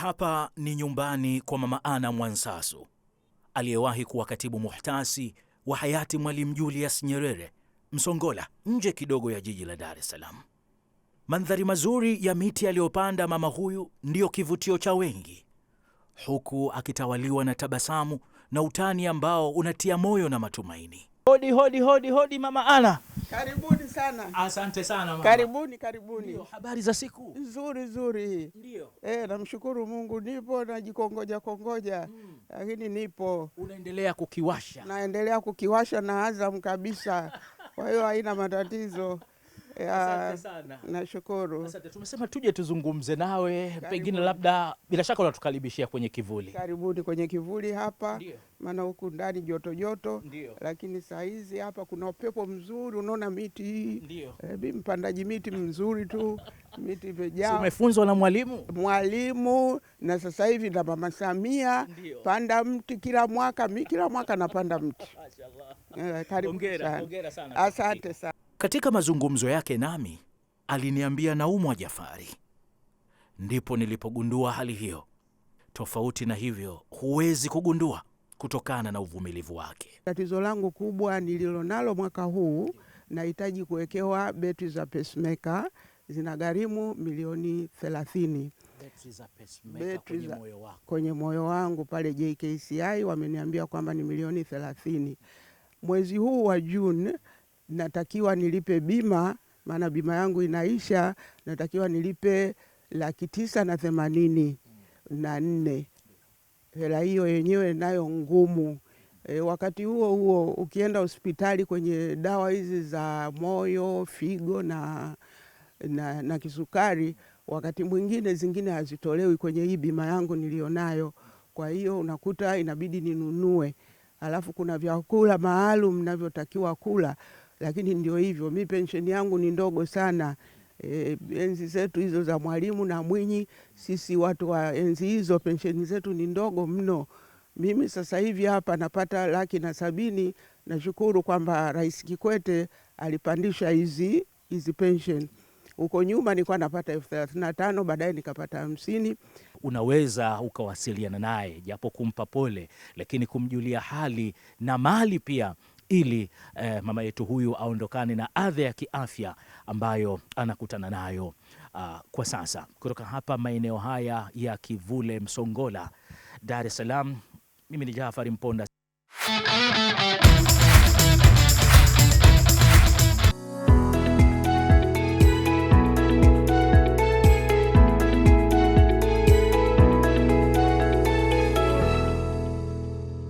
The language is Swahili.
Hapa ni nyumbani kwa Mama Ana Mwansasu aliyewahi kuwa katibu muhtasi wa hayati Mwalimu Julius Nyerere, Msongola, nje kidogo ya jiji la Dar es Salaam. Mandhari mazuri ya miti aliyopanda mama huyu ndiyo kivutio cha wengi, huku akitawaliwa na tabasamu na utani ambao unatia moyo na matumaini. Hodi hodi hodi hodi, Mama Ana. Karibuni sana. Asante sana mama. Karibuni, karibuni. Ndio, habari za siku? Nzuri, nzuri. Ndio. Eh, namshukuru Mungu nipo najikongoja kongoja, mm. Lakini nipo. Unaendelea kukiwasha? Naendelea kukiwasha na Azam kabisa. Kwa hiyo haina matatizo. Eh, nashukuru. Asante. Tumesema tuje tuzungumze nawe Karibuni. Pengine labda bila shaka unatukaribishia kwenye kivuli. Karibuni kwenye kivuli hapa, maana huku ndani joto joto, lakini saa hizi hapa kuna upepo mzuri, unaona miti hii e, mpandaji miti mzuri tu miti imejaa. Umefunzwa na mwalimu mwalimu, na sasa hivi na Mama Samia, panda mti kila mwaka. Mi kila mwaka napanda mti. Eh, karibu sana. Asante sana. Katika mazungumzo yake nami aliniambia naumwa Jafari. Ndipo nilipogundua hali hiyo. Tofauti na hivyo, huwezi kugundua kutokana na uvumilivu wake. Tatizo langu kubwa nililonalo mwaka huu, nahitaji kuwekewa betri za pacemaker, zina gharimu milioni thelathini. Betri za kwenye moyo Kwenye moyo wangu pale JKCI wameniambia kwamba ni milioni thelathini. Mwezi huu wa Juni natakiwa nilipe bima, maana bima yangu inaisha, natakiwa nilipe laki tisa na themanini na nne. Hela hiyo yenyewe nayo ngumu. E, wakati huo huo ukienda hospitali kwenye dawa hizi za moyo, figo na, na, na kisukari, wakati mwingine zingine hazitolewi kwenye hii bima yangu nilionayo. Kwa hiyo unakuta inabidi ninunue, alafu kuna vyakula maalum navyotakiwa kula lakini ndio hivyo, mi pensheni yangu ni ndogo sana. E, enzi zetu hizo za Mwalimu na Mwinyi, sisi watu wa enzi hizo pensheni zetu ni ndogo mno. Mimi sasa hivi hapa napata laki na sabini. Nashukuru kwamba Rais Kikwete alipandisha hizi hizi pensheni. Huko nyuma nilikuwa napata elfu thelathini na tano baadaye nikapata hamsini. Unaweza ukawasiliana naye japo kumpa pole, lakini kumjulia hali na mali pia ili eh, mama yetu huyu aondokane na adha ya kiafya ambayo anakutana nayo uh, kwa sasa. Kutoka hapa maeneo haya ya Kivule Msongola, Dar es Salaam, mimi ni Jafari Mponda.